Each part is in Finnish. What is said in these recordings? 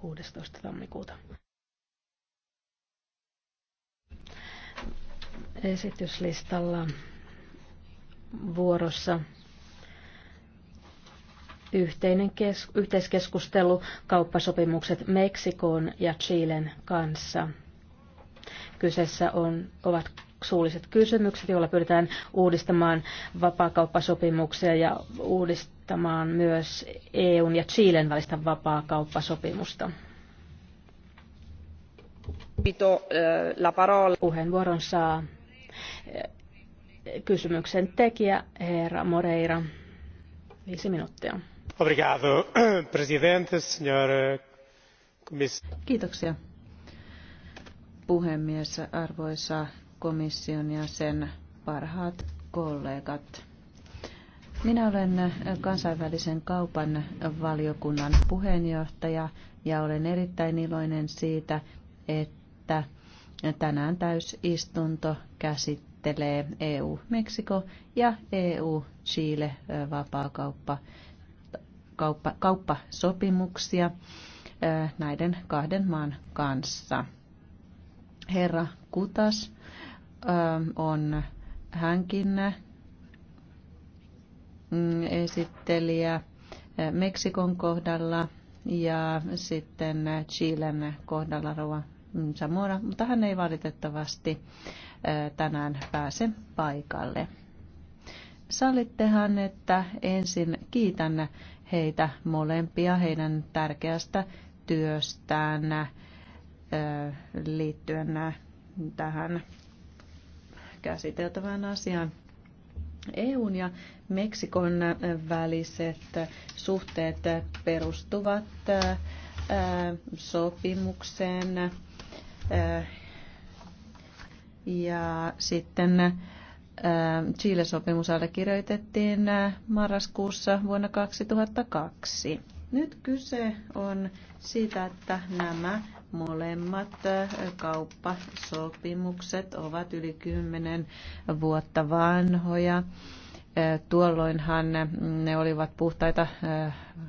16. tammikuuta. Esityslistalla vuorossa yhteinen kes- yhteiskeskustelu kauppasopimukset Meksikon ja Chilen kanssa. Kyseessä on, ovat suulliset kysymykset, joilla pyritään uudistamaan vapaakauppasopimuksia ja uudist- odottamaan myös EUn ja Chilen välistä vapaakauppasopimusta. Eh, Puheenvuoron saa eh, kysymyksen tekijä herra Moreira. Viisi minuuttia. Obrigado, presidente, senhor eh, Kiitoksia, puhemies, arvoisa komission ja sen parhaat kollegat. Minä olen äh, kansainvälisen kaupan valiokunnan puheenjohtaja ja olen erittäin iloinen siitä, että tänään täysistunto käsittelee EU-Meksiko ja EU-Chile äh, vapaakauppa kauppa, kauppasopimuksia äh, näiden kahden maan kanssa. Herra Kutas on hänkin esittelijä Meksikon kohdalla ja sitten Chilen kohdalla roa Zamora, mutta hän ei valitettavasti tänään pääse paikalle. Sallittehan, että ensin kiitän heitä molempia heidän tärkeästä työstään liittyen tähän käsiteltävään asiaan. EUn ja Meksikon väliset suhteet perustuvat äh, sopimukseen äh, ja sitten äh, Chile-sopimus allekirjoitettiin marraskuussa vuonna 2002. Nyt kyse on siitä, että nämä Molemmat kauppasopimukset ovat yli 10 vuotta vanhoja. Tuolloinhan ne olivat puhtaita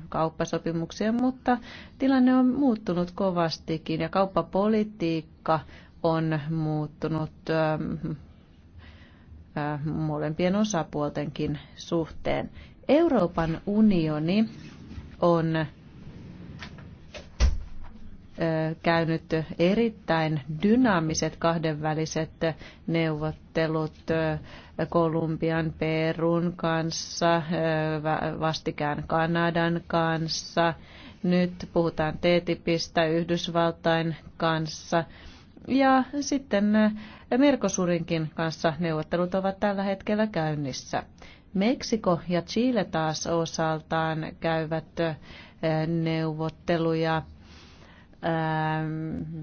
kauppasopimuksia, mutta tilanne on muuttunut kovastikin ja kauppapolitiikka on muuttunut molempien osapuoltenkin suhteen. Euroopan unioni on käynyt erittäin dynaamiset kahdenväliset neuvottelut Kolumbian, Perun kanssa, vastikään Kanadan kanssa. Nyt puhutaan TTIPistä Yhdysvaltain kanssa. Ja sitten Merkosurinkin kanssa neuvottelut ovat tällä hetkellä käynnissä. Meksiko ja Chile taas osaltaan käyvät neuvotteluja Ähm,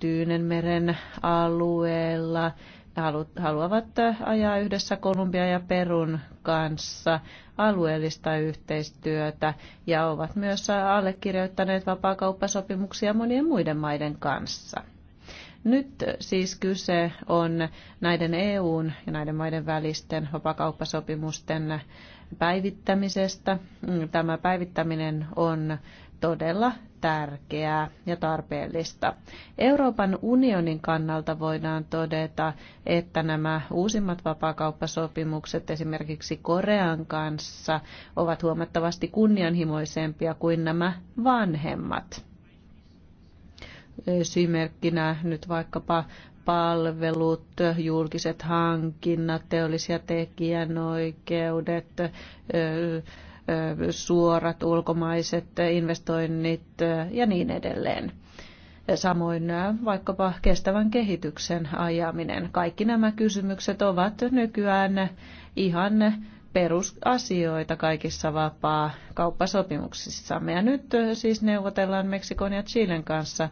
Tyynenmeren alueella haluavat äh, ajaa yhdessä Kolumbia ja Perun kanssa alueellista yhteistyötä ja ovat myös äh, allekirjoittaneet vapaakauppasopimuksia monien muiden maiden kanssa. Nyt äh, siis kyse on näiden EUn ja näiden maiden välisten vapaakauppasopimusten päivittämisestä. Mm, tämä päivittäminen on todella tärkeää ja tarpeellista. Euroopan unionin kannalta voidaan todeta, että nämä uusimmat vapaakauppasopimukset esimerkiksi Korean kanssa ovat huomattavasti kunnianhimoisempia kuin nämä vanhemmat. Esimerkkinä nyt vaikkapa palvelut, julkiset hankinnat, teollisia tekijänoikeudet, suorat ulkomaiset investoinnit ja niin edelleen. Samoin vaikkapa kestävän kehityksen ajaminen. Kaikki nämä kysymykset ovat nykyään ihan perusasioita kaikissa vapaa kauppasopimuksissamme. Ja nyt siis neuvotellaan Meksikon ja Chilen kanssa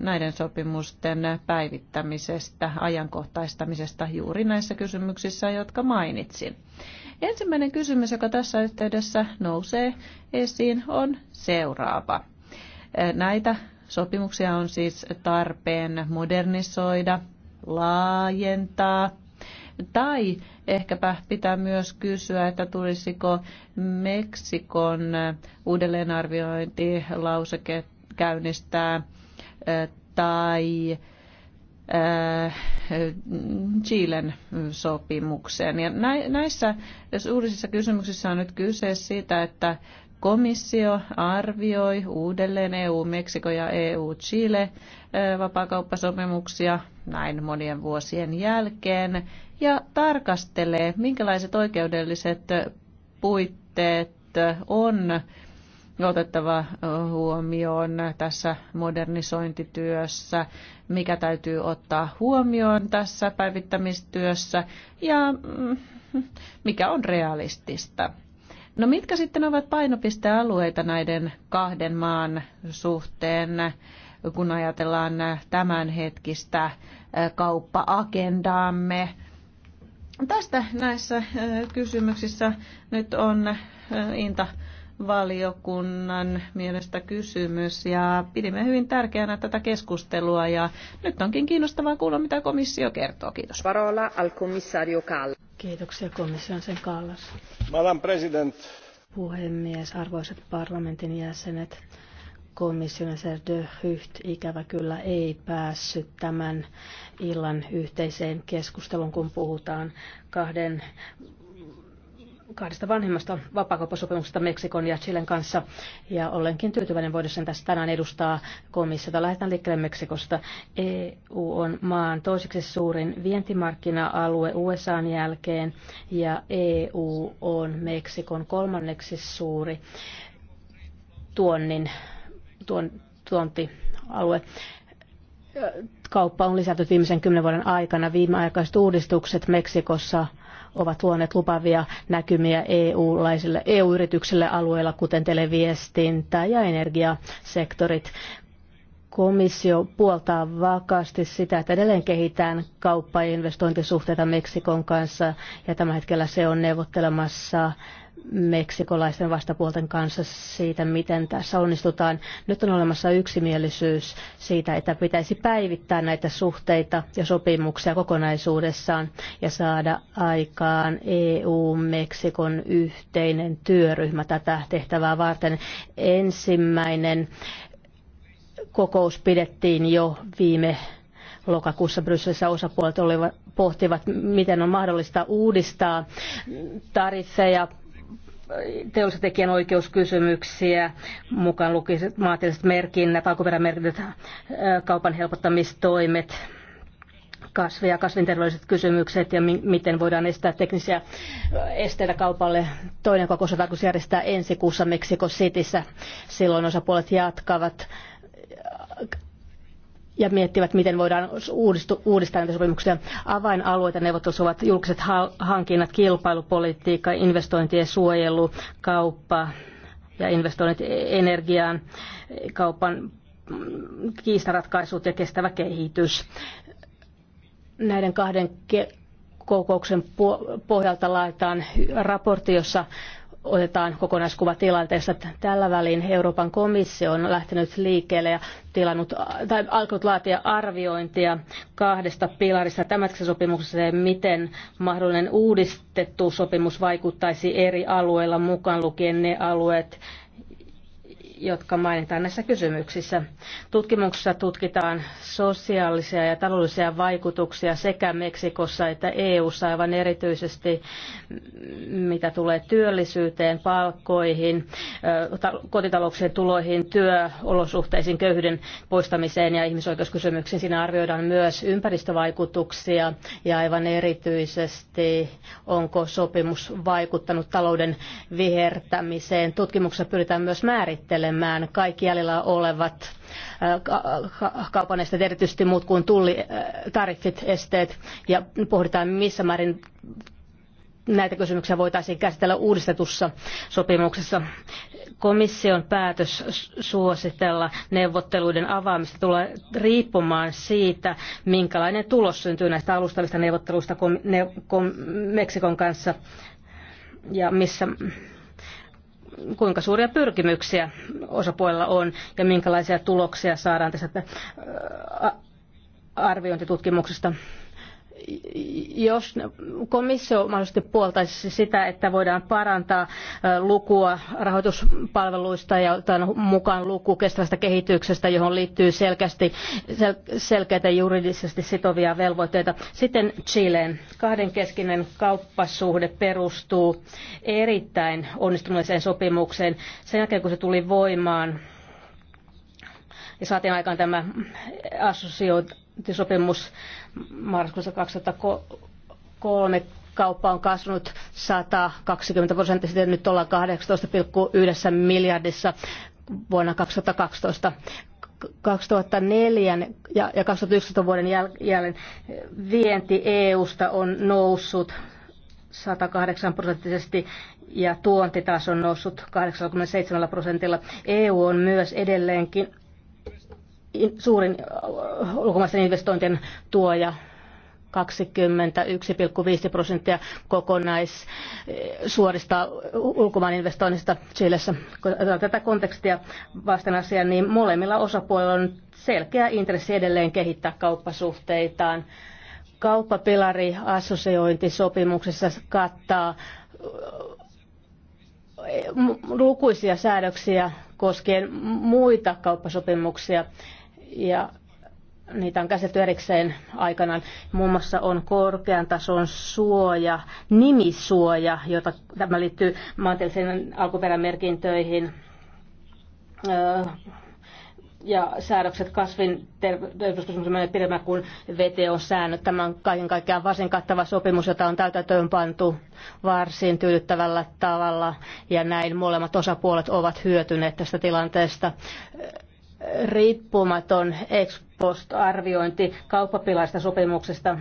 näiden sopimusten päivittämisestä, ajankohtaistamisesta juuri näissä kysymyksissä, jotka mainitsin. Ensimmäinen kysymys, joka tässä yhteydessä nousee esiin, on seuraava. Näitä sopimuksia on siis tarpeen modernisoida, laajentaa tai ehkäpä pitää myös kysyä, että tulisiko Meksikon uudelleenarviointi käynnistää tai Äh, Chilen sopimukseen. Ja näissä uudisissa kysymyksissä on nyt kyse siitä, että komissio arvioi uudelleen EU-Meksiko ja EU-Chile äh, vapaakauppasopimuksia näin monien vuosien jälkeen ja tarkastelee, minkälaiset oikeudelliset puitteet on otettava huomioon tässä modernisointityössä, mikä täytyy ottaa huomioon tässä päivittämistyössä ja mm, mikä on realistista. No mitkä sitten ovat painopistealueita näiden kahden maan suhteen, kun ajatellaan tämänhetkistä kauppa-agendaamme? Tästä näissä kysymyksissä nyt on Inta valiokunnan mielestä kysymys ja pidimme hyvin tärkeänä tätä keskustelua ja nyt onkin kiinnostavaa kuulla, mitä komissio kertoo. Kiitos. Parola al commissario Kallas. Kiitoksia komission sen Kallas. Madam President. Puhemies, arvoisat parlamentin jäsenet, komissionäär de Hyht ikävä kyllä ei päässyt tämän illan yhteiseen keskusteluun, kun puhutaan kahden kahdesta vanhimmasta vapaakauppasopimuksesta Meksikon ja Chilen kanssa. Ja olenkin tyytyväinen voidessani tässä tänään edustaa komissiota. Lähdetään liikkeelle Meksikosta. EU on maan toiseksi suurin vientimarkkina-alue USAn jälkeen ja EU on Meksikon kolmanneksi suuri tuonnin, tuon, tuontialue kauppa on lisätty viimeisen kymmenen vuoden aikana. Viimeaikaiset uudistukset Meksikossa ovat luoneet lupavia näkymiä EU-laisille, EU-yrityksille alueilla, kuten televiestintä ja energiasektorit komissio puoltaa vakaasti sitä, että edelleen kehitään kauppa- ja investointisuhteita Meksikon kanssa ja tällä hetkellä se on neuvottelemassa meksikolaisten vastapuolten kanssa siitä, miten tässä onnistutaan. Nyt on olemassa yksimielisyys siitä, että pitäisi päivittää näitä suhteita ja sopimuksia kokonaisuudessaan ja saada aikaan EU-Meksikon yhteinen työryhmä tätä tehtävää varten. Ensimmäinen kokous pidettiin jo viime lokakuussa Brysselissä osapuolet olivat, pohtivat, miten on mahdollista uudistaa tariffeja, teollisen oikeuskysymyksiä, mukaan lukiset maatilliset merkinnät, alkuperämerkinnät, kaupan helpottamistoimet, kasvi- ja kasvinterveydelliset kysymykset ja mi- miten voidaan estää teknisiä esteitä kaupalle. Toinen kokous on tarkoitus järjestää ensi kuussa Meksiko Cityssä. Silloin osapuolet jatkavat ja miettivät, miten voidaan uudistu, uudistaa näitä sopimuksia. Avainalueita neuvottelussa ovat julkiset hankinnat, kilpailupolitiikka, investointien suojelu, kauppa ja investoinnit energiaan, kaupan kiistaratkaisut ja kestävä kehitys. Näiden kahden kokouksen pohjalta laitetaan raportti, jossa otetaan kokonaiskuva tilanteesta. Tällä välin Euroopan komissio on lähtenyt liikkeelle ja tilannut, tai alkanut laatia arviointia kahdesta pilarista tämäksi sopimuksessa miten mahdollinen uudistettu sopimus vaikuttaisi eri alueilla mukaan lukien ne alueet, jotka mainitaan näissä kysymyksissä. Tutkimuksessa tutkitaan sosiaalisia ja taloudellisia vaikutuksia sekä Meksikossa että EU:ssa aivan erityisesti mitä tulee työllisyyteen, palkkoihin, kotitalouksien tuloihin, työolosuhteisiin, köyhyyden poistamiseen ja ihmisoikeuskysymyksiin. Siinä arvioidaan myös ympäristövaikutuksia ja aivan erityisesti onko sopimus vaikuttanut talouden vihertämiseen. Tutkimuksessa pyritään myös määrittelemään käsittelemään kaikki jäljellä olevat äh, kaupan esteet, erityisesti muut kuin tullitariffit, äh, esteet, ja pohditaan missä määrin näitä kysymyksiä voitaisiin käsitellä uudistetussa sopimuksessa. Komission päätös suositella neuvotteluiden avaamista tulee riippumaan siitä, minkälainen tulos syntyy näistä alustavista neuvotteluista Meksikon kanssa ja missä kuinka suuria pyrkimyksiä osapuolella on ja minkälaisia tuloksia saadaan tästä arviointitutkimuksesta jos komissio mahdollisesti puoltaisi sitä, että voidaan parantaa lukua rahoituspalveluista ja ottaa mukaan luku kestävästä kehityksestä, johon liittyy selkeästi, sel, selkeitä juridisesti sitovia velvoitteita. Sitten Chileen kahdenkeskinen kauppasuhde perustuu erittäin onnistuneeseen sopimukseen. Sen jälkeen, kun se tuli voimaan, ja saatiin aikaan tämä assosiointisopimus Marraskuussa 2003 kauppa on kasvanut 120 prosenttia, nyt ollaan 18,1 miljardissa vuonna 2012. 2004 ja, ja 2011 vuoden jäl, jälleen vienti EUsta on noussut 108 prosenttisesti ja tuonti taas on noussut 87 prosentilla. EU on myös edelleenkin suurin äh, ulkomaisten investointien tuoja 21,5 prosenttia kokonaissuorista äh, ulkomaan investoinnista Chilessä. Kun tätä kontekstia vasten asiaan, niin molemmilla osapuolilla on selkeä intressi edelleen kehittää kauppasuhteitaan. Kauppapilari assosiointisopimuksessa kattaa äh, lukuisia säädöksiä koskien muita kauppasopimuksia ja niitä on käsitelty erikseen aikanaan. Muun muassa on korkean tason suoja, nimisuoja, jota tämä liittyy maantieteellisiin alkuperämerkintöihin ja säädökset kasvin terveyskysymyksen menee pidemmän kuin VTO-säännöt. Tämä on kaiken kaikkiaan varsin kattava sopimus, jota on täytäntöön pantu varsin tyydyttävällä tavalla ja näin molemmat osapuolet ovat hyötyneet tästä tilanteesta riippumaton ex post-arviointi kauppapilaista sopimuksesta,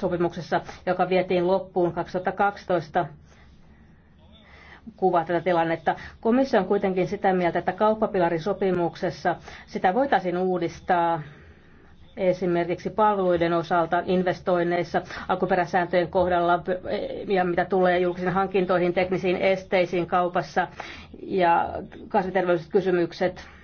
sopimuksessa, joka vietiin loppuun 2012 kuvaa tätä tilannetta. Komissio on kuitenkin sitä mieltä, että kauppapilarisopimuksessa sopimuksessa sitä voitaisiin uudistaa esimerkiksi palveluiden osalta, investoinneissa, alkuperäsääntöjen kohdalla ja mitä tulee julkisiin hankintoihin, teknisiin esteisiin kaupassa ja kasviterveyskysymykset kysymykset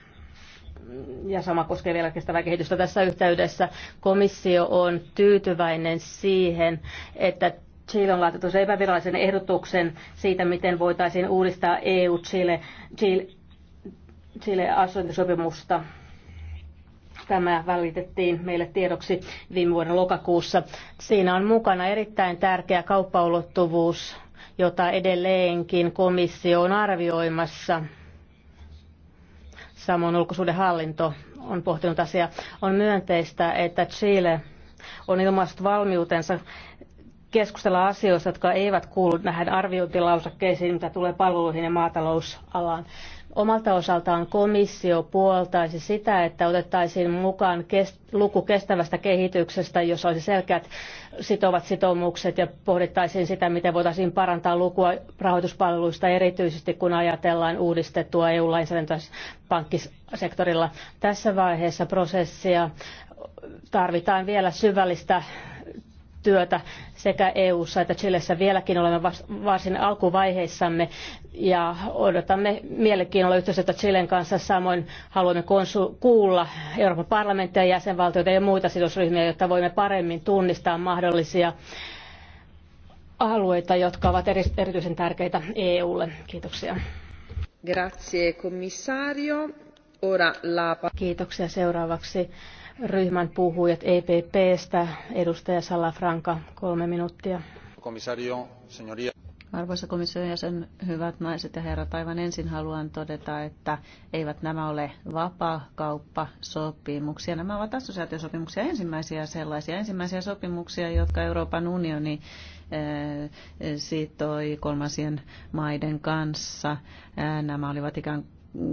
ja sama koskee vielä kestävää kehitystä tässä yhteydessä. Komissio on tyytyväinen siihen, että Chile on laitettu se epävirallisen ehdotuksen siitä, miten voitaisiin uudistaa EU-Chile Chile, Chile Tämä välitettiin meille tiedoksi viime vuoden lokakuussa. Siinä on mukana erittäin tärkeä kauppaulottuvuus, jota edelleenkin komissio on arvioimassa Samoin hallinto on pohtinut asiaa. On myönteistä, että Chile on ilmaissut valmiutensa keskustella asioista, jotka eivät kuulu näihin arviointilausakkeisiin, mitä tulee palveluihin ja maatalousalaan. Omalta osaltaan komissio puoltaisi sitä, että otettaisiin mukaan luku kestävästä kehityksestä, jossa olisi selkeät sitovat sitoumukset ja pohdittaisiin sitä, miten voitaisiin parantaa lukua rahoituspalveluista erityisesti, kun ajatellaan uudistettua EU-lainsäädäntöä pankkisektorilla. Tässä vaiheessa prosessia tarvitaan vielä syvällistä työtä sekä EU-ssa että Chilessä. Vieläkin olemme varsin alkuvaiheissamme ja odotamme mielenkiinnolla yhteistyötä Chilen kanssa. Samoin haluamme kuulla Euroopan parlamenttia, jäsenvaltioita ja muita sidosryhmiä, jotta voimme paremmin tunnistaa mahdollisia alueita, jotka ovat erityisen tärkeitä EUlle. Kiitoksia. Grazie, commissario. Ora la... Kiitoksia. Seuraavaksi ryhmän puhujat EPPstä. Edustaja Salafranka, kolme minuuttia. Komisario, señoria. Arvoisa komission jäsen, hyvät naiset ja herrat, aivan ensin haluan todeta, että eivät nämä ole vapaakauppasopimuksia. Nämä ovat assosiaatiosopimuksia, ensimmäisiä sellaisia, ensimmäisiä sopimuksia, jotka Euroopan unioni eh, sitoi kolmansien maiden kanssa. Eh, nämä olivat ikään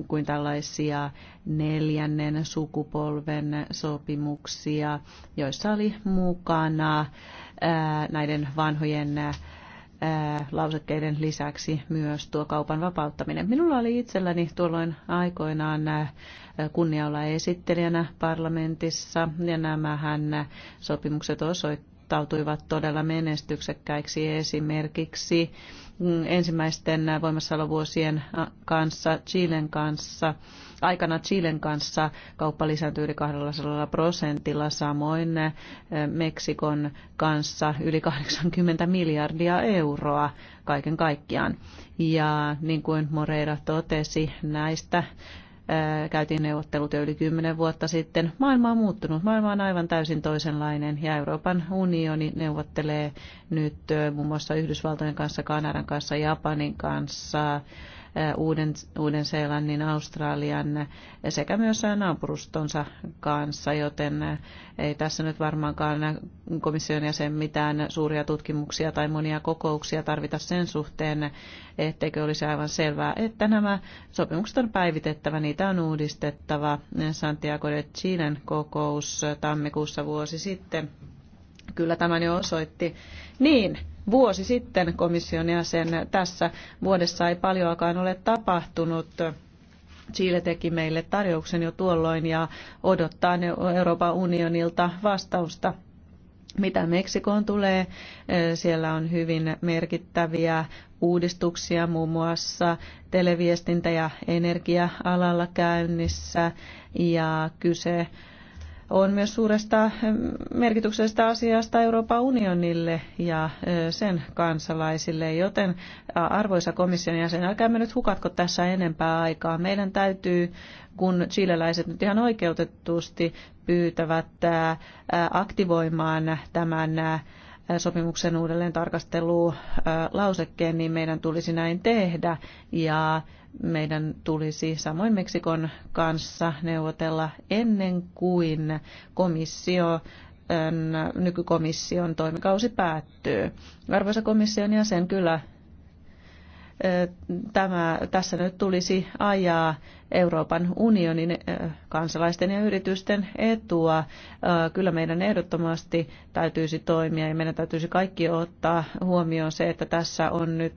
kuin tällaisia neljännen sukupolven sopimuksia, joissa oli mukana näiden vanhojen lausekkeiden lisäksi myös tuo kaupan vapauttaminen. Minulla oli itselläni tuolloin aikoinaan kunnia olla esittelijänä parlamentissa ja nämähän sopimukset osoittivat, osoittautuivat todella menestyksekkäiksi esimerkiksi mm, ensimmäisten voimassaolovuosien kanssa, Chilen kanssa, aikana Chilen kanssa kauppa lisääntyi yli 200 prosentilla, samoin Meksikon kanssa yli 80 miljardia euroa kaiken kaikkiaan. Ja niin kuin Moreira totesi, näistä käytiin neuvottelut jo yli kymmenen vuotta sitten. Maailma on muuttunut, maailma on aivan täysin toisenlainen ja Euroopan unioni neuvottelee nyt muun muassa Yhdysvaltojen kanssa, Kanadan kanssa, Japanin kanssa, Uuden, Uuden Seelannin, Australian sekä myös naapurustonsa kanssa, joten ei tässä nyt varmaankaan komission jäsen mitään suuria tutkimuksia tai monia kokouksia tarvita sen suhteen, etteikö olisi aivan selvää, että nämä sopimukset on päivitettävä, niitä on uudistettava. Santiago de Chilen kokous tammikuussa vuosi sitten kyllä tämän jo osoitti. Niin, vuosi sitten komission jäsen. Tässä vuodessa ei paljoakaan ole tapahtunut. Chile teki meille tarjouksen jo tuolloin ja odottaa Euroopan unionilta vastausta. Mitä Meksikoon tulee, eh, siellä on hyvin merkittäviä uudistuksia muun muassa televiestintä- ja energia-alalla käynnissä ja kyse on myös suuresta eh, merkityksestä asiasta Euroopan unionille ja eh, sen kansalaisille. Joten arvoisa komission jäsen, älkäämme nyt hukatko tässä enempää aikaa. Meidän täytyy, kun chileläiset nyt ihan oikeutetusti pyytävät aktivoimaan tämän sopimuksen uudelleen tarkastelua lausekkeen, niin meidän tulisi näin tehdä ja meidän tulisi samoin Meksikon kanssa neuvotella ennen kuin komissio nykykomission toimikausi päättyy. Arvoisa komission jäsen, kyllä tämä, tässä nyt tulisi ajaa Euroopan unionin kansalaisten ja yritysten etua. Kyllä meidän ehdottomasti täytyisi toimia ja meidän täytyisi kaikki ottaa huomioon se, että tässä on nyt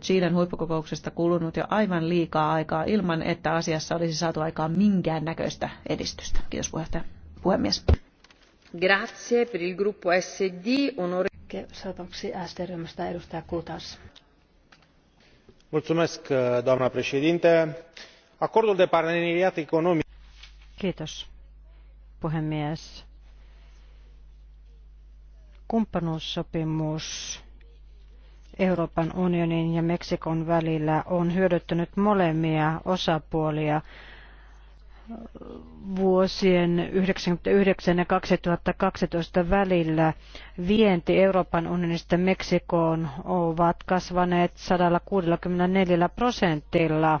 Chilen huippukokouksesta kulunut jo aivan liikaa aikaa ilman, että asiassa olisi saatu aikaan minkäännäköistä edistystä. Kiitos puheenjohtaja. puhemies. Grazie per il gruppo SD. Onore... Satoksi edustaja Uh, doamnă președinte acordul de parteneriat economic kumppanuussopimus euroopan unionin ja meksikon välillä on hyödyttänyt molempia osapuolia vuosien yhdeksänkymmentäyhdeksän ja 2012 välillä vienti Euroopan unionista Meksikoon ovat kasvaneet 164 prosentilla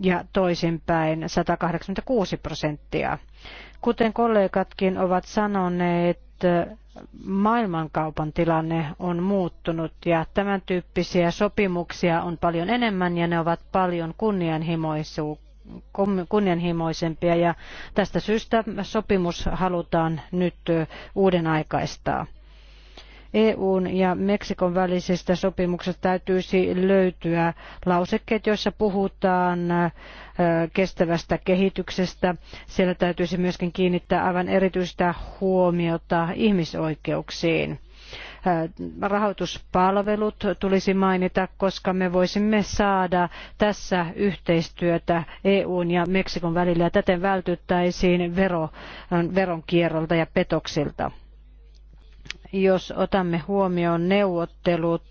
ja toisinpäin 186 prosenttia. Kuten kollegatkin ovat sanoneet, maailmankaupan tilanne on muuttunut ja tämän tyyppisiä sopimuksia on paljon enemmän ja ne ovat paljon kunnianhimoisempia ja tästä syystä sopimus halutaan nyt uuden aikaistaa. EUn ja Meksikon välisestä sopimuksesta täytyisi löytyä lausekkeet, joissa puhutaan kestävästä kehityksestä. Siellä täytyisi myöskin kiinnittää aivan erityistä huomiota ihmisoikeuksiin rahoituspalvelut tulisi mainita, koska me voisimme saada tässä yhteistyötä EUn ja Meksikon välillä ja täten vältyttäisiin veron, veronkierrolta ja petoksilta jos otamme huomioon neuvottelut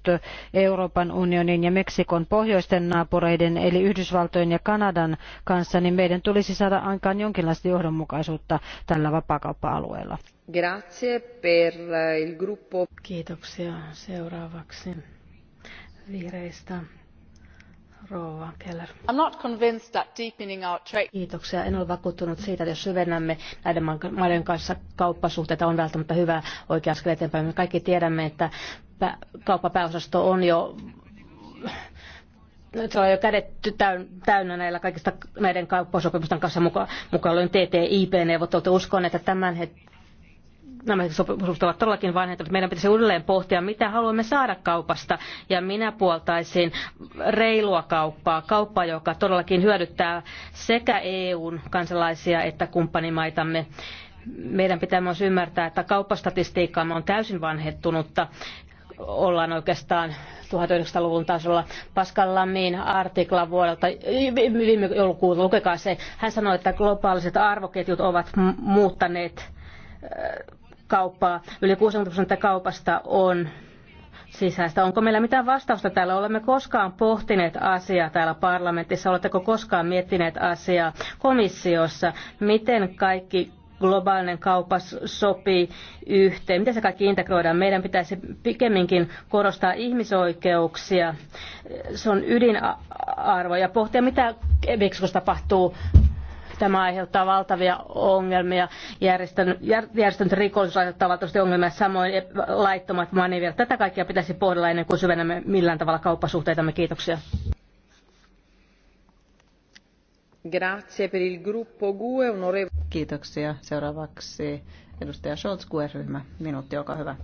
Euroopan unionin ja Meksikon pohjoisten naapureiden eli Yhdysvaltojen ja Kanadan kanssa, niin meidän tulisi saada aikaan jonkinlaista johdonmukaisuutta tällä vapaakauppa-alueella. Grazie per il gruppo. Kiitoksia. Seuraavaksi vihreistä Rouva Keller. I'm not convinced that deepening our trade... Kiitoksia. En ole vakuuttunut siitä, että jos syvennämme näiden maiden kanssa kauppasuhteita, on välttämättä hyvä oikea askel eteenpäin. Me kaikki tiedämme, että kauppapääosasto on jo se on jo kädet täynnä näillä kaikista näiden kauppasopimusten kanssa mukaan, mukaan TTIP-neuvottelut. Uskon, että tämän nämä sopimukset ovat todellakin vanhentuneet. Meidän pitäisi uudelleen pohtia, mitä haluamme saada kaupasta. Ja minä puoltaisin reilua kauppaa, kauppaa, joka todellakin hyödyttää sekä EUn kansalaisia että kumppanimaitamme. Meidän pitää myös ymmärtää, että kauppastatistiikkaamme on täysin vanhettunutta ollaan oikeastaan 1900-luvun tasolla. Pascal Lamin artikla vuodelta viime joulukuuta, lukekaa se. Hän sanoi, että globaaliset arvoketjut ovat muuttaneet kauppaa. Yli 60 prosenttia kaupasta on sisäistä. Onko meillä mitään vastausta täällä? Olemme koskaan pohtineet asiaa täällä parlamentissa? Oletteko koskaan miettineet asiaa komissiossa? Miten kaikki globaalinen kauppa sopii yhteen? Miten se kaikki integroidaan? Meidän pitäisi pikemminkin korostaa ihmisoikeuksia. Se on ydinarvo ja pohtia, mitä Meksikossa tapahtuu Tämä aiheuttaa valtavia ongelmia. Järjestänyt, rikollisuus aiheuttaa valtavasti ongelmia, samoin e, laittomat manivert. Tätä kaikkea pitäisi pohdella ennen kuin syvennämme millään tavalla kauppasuhteitamme. Kiitoksia. Kiitoksia. Seuraavaksi edustaja Scholz, gue ryhmä Minuutti, olkaa hyvä.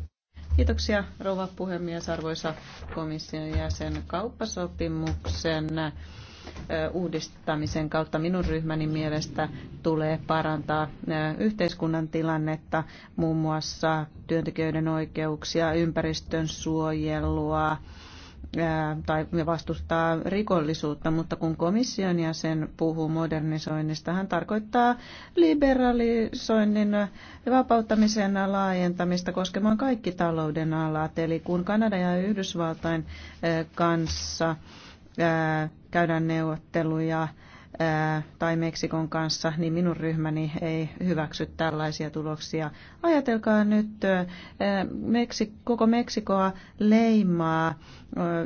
Kiitoksia rouva puhemies, arvoisa komission jäsen kauppasopimuksen uudistamisen kautta minun ryhmäni mielestä tulee parantaa yhteiskunnan tilannetta, muun muassa työntekijöiden oikeuksia, ympäristön suojelua tai vastustaa rikollisuutta, mutta kun komission jäsen puhuu modernisoinnista, hän tarkoittaa liberalisoinnin vapauttamisen laajentamista koskemaan kaikki talouden alat. Eli kun Kanada ja Yhdysvaltain kanssa käydään neuvotteluja tai Meksikon kanssa, niin minun ryhmäni ei hyväksy tällaisia tuloksia. Ajatelkaa nyt, koko Meksikoa leimaa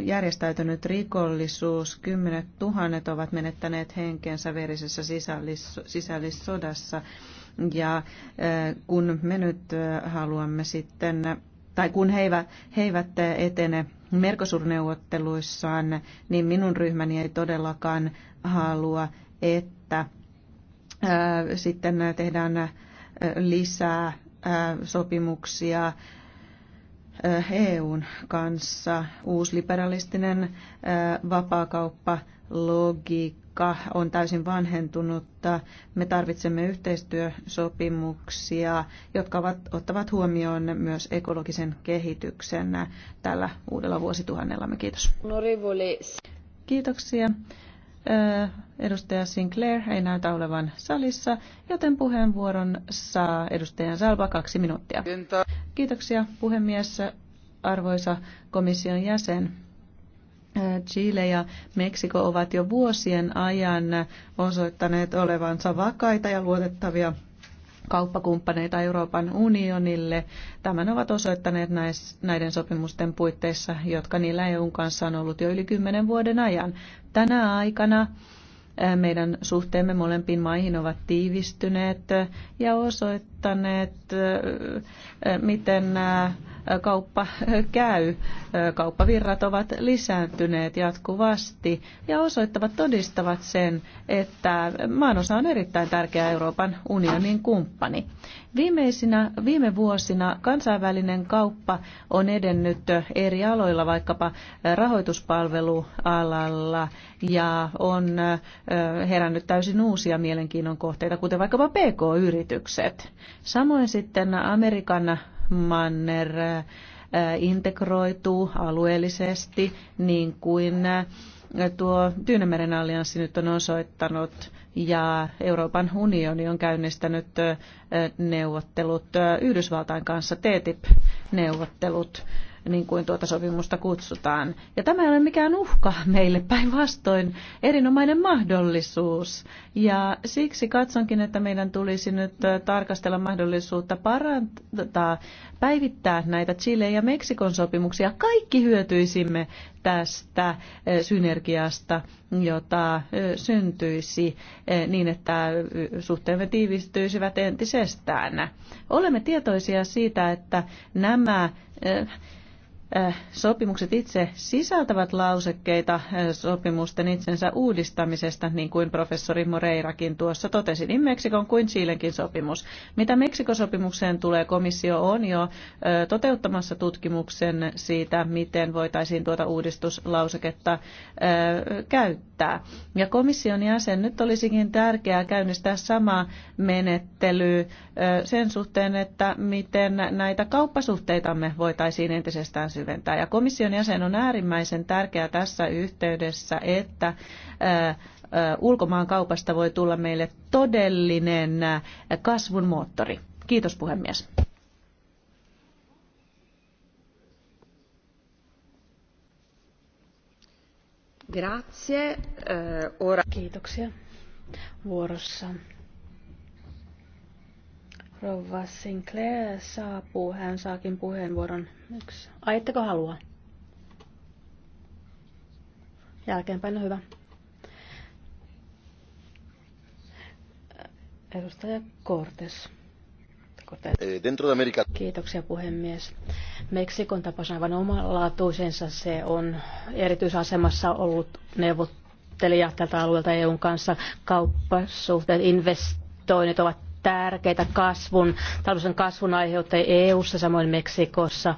järjestäytynyt rikollisuus. Kymmenet tuhannet ovat menettäneet henkensä verisessä sisällissodassa. Ja kun me nyt haluamme sitten, tai kun he eivät, he eivät etene Mercosur-neuvotteluissaan, niin minun ryhmäni ei todellakaan halua, että äh, sitten tehdään äh, lisää äh, sopimuksia EUn kanssa. Uusliberalistinen vapaakauppa logiikka on täysin vanhentunutta. Me tarvitsemme yhteistyösopimuksia, jotka ovat, ottavat huomioon myös ekologisen kehityksen tällä uudella vuosituhannella. Kiitos. Kiitoksia. Edustaja Sinclair ei näytä olevan salissa, joten puheenvuoron saa edustajan Salva kaksi minuuttia. Kiitoksia puhemies, arvoisa komission jäsen. Chile ja Meksiko ovat jo vuosien ajan osoittaneet olevansa vakaita ja luotettavia kauppakumppaneita Euroopan unionille. Tämän ovat osoittaneet näiden sopimusten puitteissa, jotka niillä EUn kanssa on ollut jo yli kymmenen vuoden ajan. Tänä aikana meidän suhteemme molempiin maihin ovat tiivistyneet ja osoittaneet, osoittaneet, eh, miten eh, kauppa käy. Eh, kauppavirrat ovat lisääntyneet jatkuvasti ja osoittavat, todistavat sen, että maanosa on erittäin tärkeä Euroopan unionin kumppani. Viimeisinä, viime vuosina kansainvälinen kauppa on edennyt eri aloilla, vaikkapa rahoituspalvelualalla, ja on herännyt täysin uusia mielenkiinnon kohteita, kuten vaikkapa PK-yritykset. Samoin sitten Amerikan manner äh, integroituu alueellisesti, niin kuin äh, tuo Tyynemeren allianssi nyt on osoittanut ja Euroopan unioni on käynnistänyt äh, neuvottelut Yhdysvaltain kanssa TTIP-neuvottelut niin kuin tuota sopimusta kutsutaan. Ja tämä ei ole mikään uhka meille, päinvastoin erinomainen mahdollisuus. Ja siksi katsonkin, että meidän tulisi nyt tarkastella mahdollisuutta parantaa, päivittää näitä Chile- ja Meksikon sopimuksia. Kaikki hyötyisimme tästä synergiasta, jota syntyisi niin, että suhteemme tiivistyisivät entisestään. Olemme tietoisia siitä, että nämä Äh, sopimukset itse sisältävät lausekkeita äh, sopimusten itsensä uudistamisesta, niin kuin professori Moreirakin tuossa totesi, niin Meksikon kuin Chilenkin sopimus. Mitä Meksikosopimukseen tulee, komissio on jo äh, toteuttamassa tutkimuksen siitä, miten voitaisiin tuota uudistuslauseketta käyttää. Ja komission jäsen nyt olisikin tärkeää käynnistää sama menettely sen suhteen, että miten näitä kauppasuhteitamme voitaisiin entisestään syventää syventää. Ja komission jäsen on äärimmäisen tärkeää tässä yhteydessä, että ulkomaankaupasta voi tulla meille todellinen kasvun moottori. Kiitos puhemies. Grazie. Ora... Kiitoksia. Vuorossa Rouva Sinclair saapuu. Hän saakin puheenvuoron. Yksi. Aitteko halua? Jälkeenpäin on no hyvä. Edustaja Cortes. Cortes. Eh, dentro de America. Kiitoksia puhemies. Meksikon tapaus aivan omalaatuisensa. Se on erityisasemassa ollut neuvottelija tältä alueelta EUn kanssa. Kauppasuhteet, investoinnit ovat tärkeitä kasvun, taloudellisen kasvun aiheuttajia EU-ssa, samoin Meksikossa.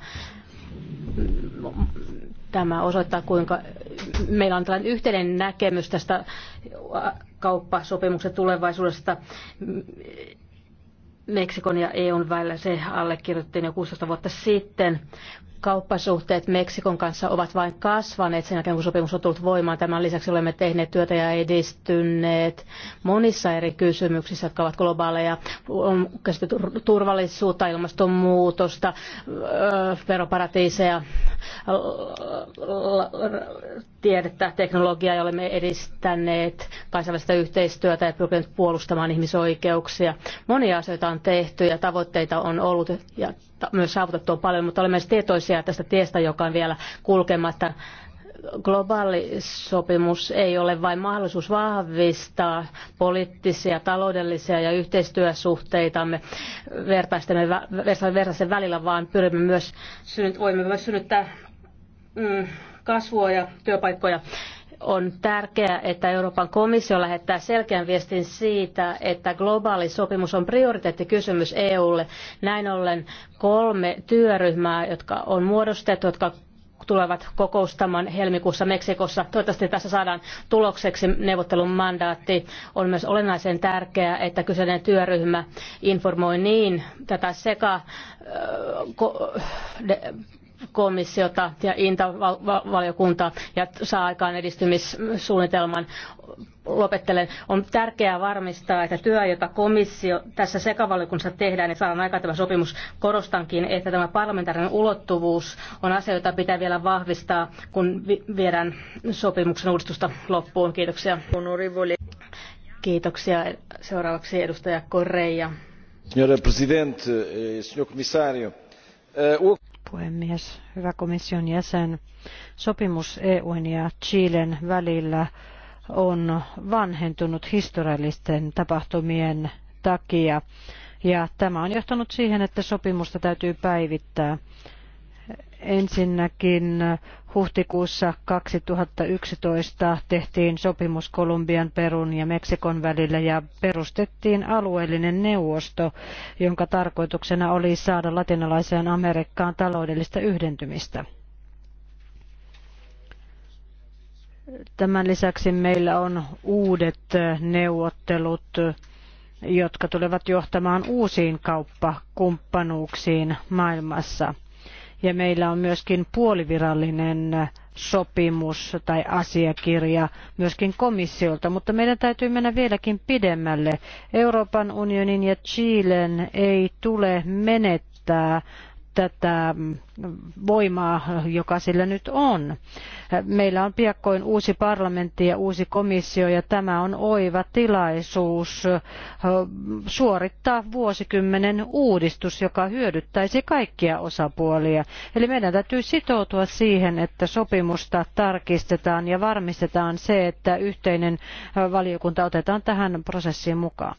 Tämä osoittaa, kuinka meillä on tällainen yhteinen näkemys tästä kauppasopimuksen tulevaisuudesta Meksikon ja EUn välillä. Se allekirjoitettiin jo 16 vuotta sitten kauppasuhteet Meksikon kanssa ovat vain kasvaneet sen jälkeen, kun sopimus on tullut voimaan. Tämän lisäksi olemme tehneet työtä ja edistyneet monissa eri kysymyksissä, jotka ovat globaaleja. On käsitelty turvallisuutta, ilmastonmuutosta, veroparatiiseja, tiedettä, teknologiaa ja olemme edistäneet kansainvälistä yhteistyötä ja pyrkineet puolustamaan ihmisoikeuksia. Monia asioita on tehty ja tavoitteita on ollut ja myös saavutettua paljon, mutta olemme myös siis tietoisia tästä tiestä, joka on vielä kulkematta. Globaali sopimus ei ole vain mahdollisuus vahvistaa poliittisia, taloudellisia ja yhteistyösuhteitamme vertaistemme vertaisten välillä, vaan pyrimme myös, voimme myös synnyttää mm, kasvua ja työpaikkoja on tärkeää, että Euroopan komissio lähettää selkeän viestin siitä, että globaali sopimus on prioriteettikysymys EUlle. Näin ollen kolme työryhmää, jotka on muodostettu, jotka tulevat kokoustamaan helmikuussa Meksikossa. Toivottavasti tässä saadaan tulokseksi neuvottelun mandaatti. On myös olennaisen tärkeää, että kyseinen työryhmä informoi niin tätä sekä komissiota ja Inta-valiokuntaa ja saa aikaan edistymissuunnitelman. Lopettelen. On tärkeää varmistaa, että työ, jota komissio tässä sekavallikunnassa tehdään, niin saadaan aikaan tämä sopimus. Korostankin, että tämä parlamentaarinen ulottuvuus on asia, jota pitää vielä vahvistaa, kun viedään sopimuksen uudistusta loppuun. Kiitoksia. Kiitoksia. Seuraavaksi edustaja Correia. Signora Presidente, eh, signor Commissario. Eh, puhemies, hyvä komission jäsen. Sopimus EUn ja Chilen välillä on vanhentunut historiallisten tapahtumien takia ja tämä on johtanut siihen, että sopimusta täytyy päivittää. Ensinnäkin huhtikuussa 2011 tehtiin sopimus Kolumbian, Perun ja Meksikon välillä ja perustettiin alueellinen neuvosto, jonka tarkoituksena oli saada latinalaiseen Amerikkaan taloudellista yhdentymistä. Tämän lisäksi meillä on uudet neuvottelut, jotka tulevat johtamaan uusiin kauppakumppanuuksiin maailmassa – ja meillä on myöskin puolivirallinen sopimus tai asiakirja myöskin komissiolta, mutta meidän täytyy mennä vieläkin pidemmälle. Euroopan unionin ja Chilen ei tule menettää tätä voimaa, joka sillä nyt on. Meillä on piakkoin uusi parlamentti ja uusi komissio ja tämä on oiva tilaisuus suorittaa vuosikymmenen uudistus, joka hyödyttäisi kaikkia osapuolia. Eli meidän täytyy sitoutua siihen, että sopimusta tarkistetaan ja varmistetaan se, että yhteinen valiokunta otetaan tähän prosessiin mukaan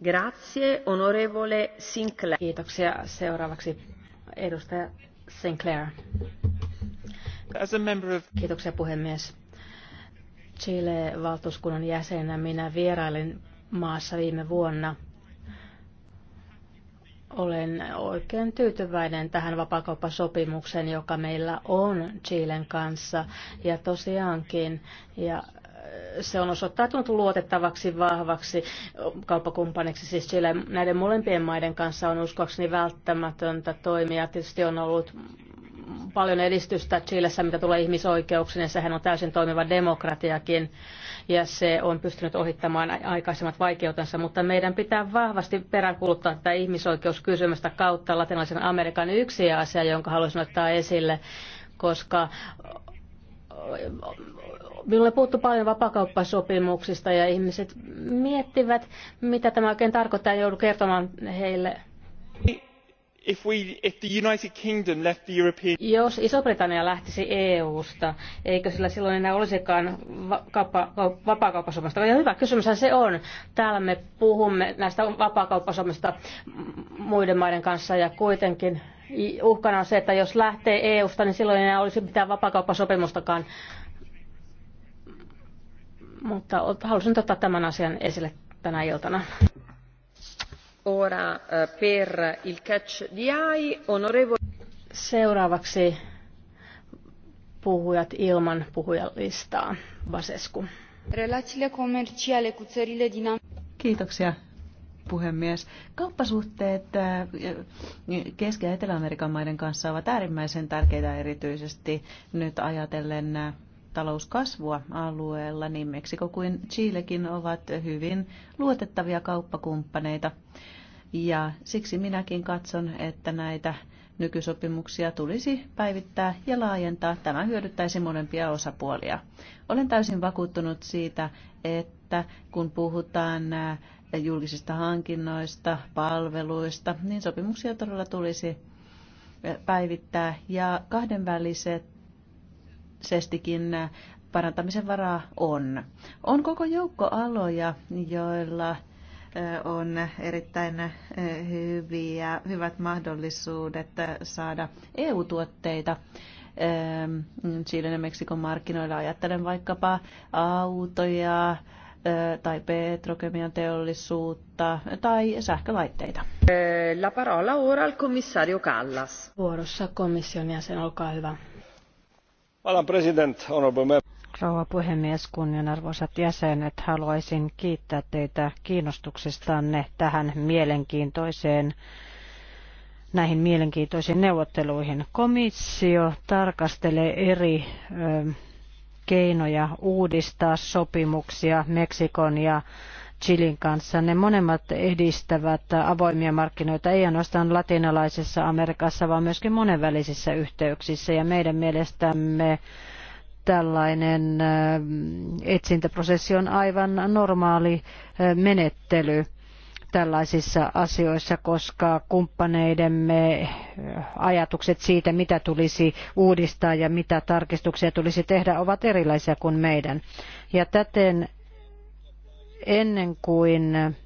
arvoisa Kiitoksia. Seuraavaksi edustaja Sinclair. Kiitoksia puhemies. Chile-valtuuskunnan jäsenenä minä vierailin maassa viime vuonna. Olen oikein tyytyväinen tähän vapaakauppasopimukseen, joka meillä on Chilen kanssa. Ja tosiaankin, ja se on osoittautunut luotettavaksi, vahvaksi kauppakumppaniksi. Siis siellä näiden molempien maiden kanssa on uskoakseni välttämätöntä toimia. Tietysti on ollut paljon edistystä Chilessä, mitä tulee ihmisoikeuksiin, ja sehän on täysin toimiva demokratiakin, ja se on pystynyt ohittamaan aikaisemmat vaikeutensa, mutta meidän pitää vahvasti peräkuluttaa tätä ihmisoikeuskysymystä kautta latinalaisen Amerikan yksi asia, jonka haluaisin ottaa esille, koska Minulle puhuttu paljon vapakauppasopimuksista ja ihmiset miettivät, mitä tämä oikein tarkoittaa ja joudu kertomaan heille. If we, if the United Kingdom left the European... Jos Iso-Britannia lähtisi EU-sta, eikö sillä silloin enää olisikaan vapaakauppasopimusta? Ja hyvä kysymys se on. Täällä me puhumme näistä vapaakauppasopimusta muiden maiden kanssa ja kuitenkin uhkana on se, että jos lähtee EU-sta, niin silloin ei enää olisi mitään vapakauppasopimustakaan. Mutta halusin ottaa tämän asian esille tänä iltana. Ora eh, per il catch di AI, Seuraavaksi puhujat ilman puhujalistaa. Basescu. Relațiile comerciale cu țările din Kiitoksia puhemies. Kauppasuhteet äh, Keski- ja Etelä-Amerikan maiden kanssa ovat äärimmäisen tärkeitä erityisesti nyt ajatellen äh, talouskasvua alueella, niin Meksiko kuin Chilekin ovat hyvin luotettavia kauppakumppaneita. Ja siksi minäkin katson, että näitä nykysopimuksia tulisi päivittää ja laajentaa. Tämä hyödyttäisi molempia osapuolia. Olen täysin vakuuttunut siitä, että kun puhutaan äh, julkisista hankinnoista, palveluista, niin sopimuksia todella tulisi päivittää. Ja kahdenvälisestikin parantamisen varaa on. On koko joukko aloja, joilla on erittäin hyviä, hyvät mahdollisuudet saada EU-tuotteita Chilen ja Meksikon markkinoilla. Ajattelen vaikkapa autoja, tai petrokemian teollisuutta tai sähkölaitteita. La parola ora al commissario Callas. Vuorossa komission jäsen, olkaa hyvä. Alan President, honorable Rouva puhemies, kunnianarvoisat jäsenet, haluaisin kiittää teitä kiinnostuksestanne tähän mielenkiintoiseen näihin mielenkiintoisiin neuvotteluihin. Komissio tarkastelee eri ö, keinoja uudistaa sopimuksia Meksikon ja Chilin kanssa. Ne monemmat edistävät avoimia markkinoita ei ainoastaan latinalaisessa Amerikassa, vaan myöskin monenvälisissä yhteyksissä. Ja meidän mielestämme tällainen äh, etsintäprosessi on aivan normaali äh, menettely tällaisissa asioissa, koska kumppaneidemme eh, ajatukset siitä, mitä tulisi uudistaa ja mitä tarkistuksia tulisi tehdä, ovat erilaisia kuin meidän. Ja täten ennen kuin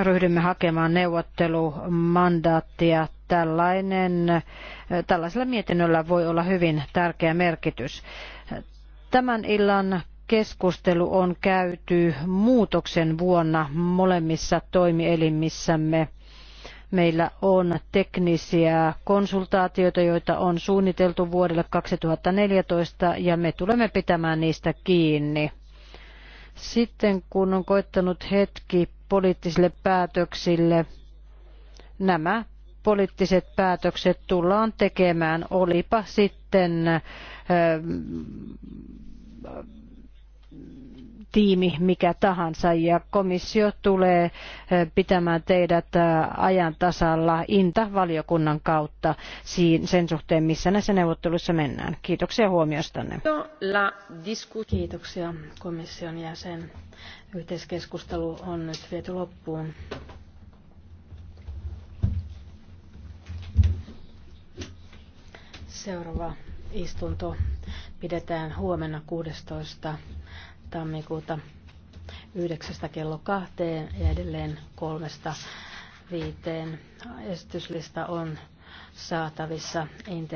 ryhdymme hakemaan neuvottelumandaattia, tällainen, eh, tällaisella mietinnöllä voi olla hyvin tärkeä merkitys. Tämän illan keskustelu on käyty muutoksen vuonna molemmissa toimielimissämme. Meillä on teknisiä konsultaatioita, joita on suunniteltu vuodelle 2014 ja me tulemme pitämään niistä kiinni. Sitten kun on koittanut hetki poliittisille päätöksille, nämä poliittiset päätökset tullaan tekemään, olipa sitten tiimi mikä tahansa ja komissio tulee eh, pitämään teidät eh, ajan tasalla INTA-valiokunnan kautta sen suhteen, missä näissä neuvotteluissa mennään. Kiitoksia huomiostanne. No, Kiitoksia komission jäsen. Yhteiskeskustelu on nyt viety loppuun. Seuraava istunto pidetään huomenna 16. tammikuuta 9. kello 2 ja edelleen 3 viiteen. Esityslista on saatavissa internet.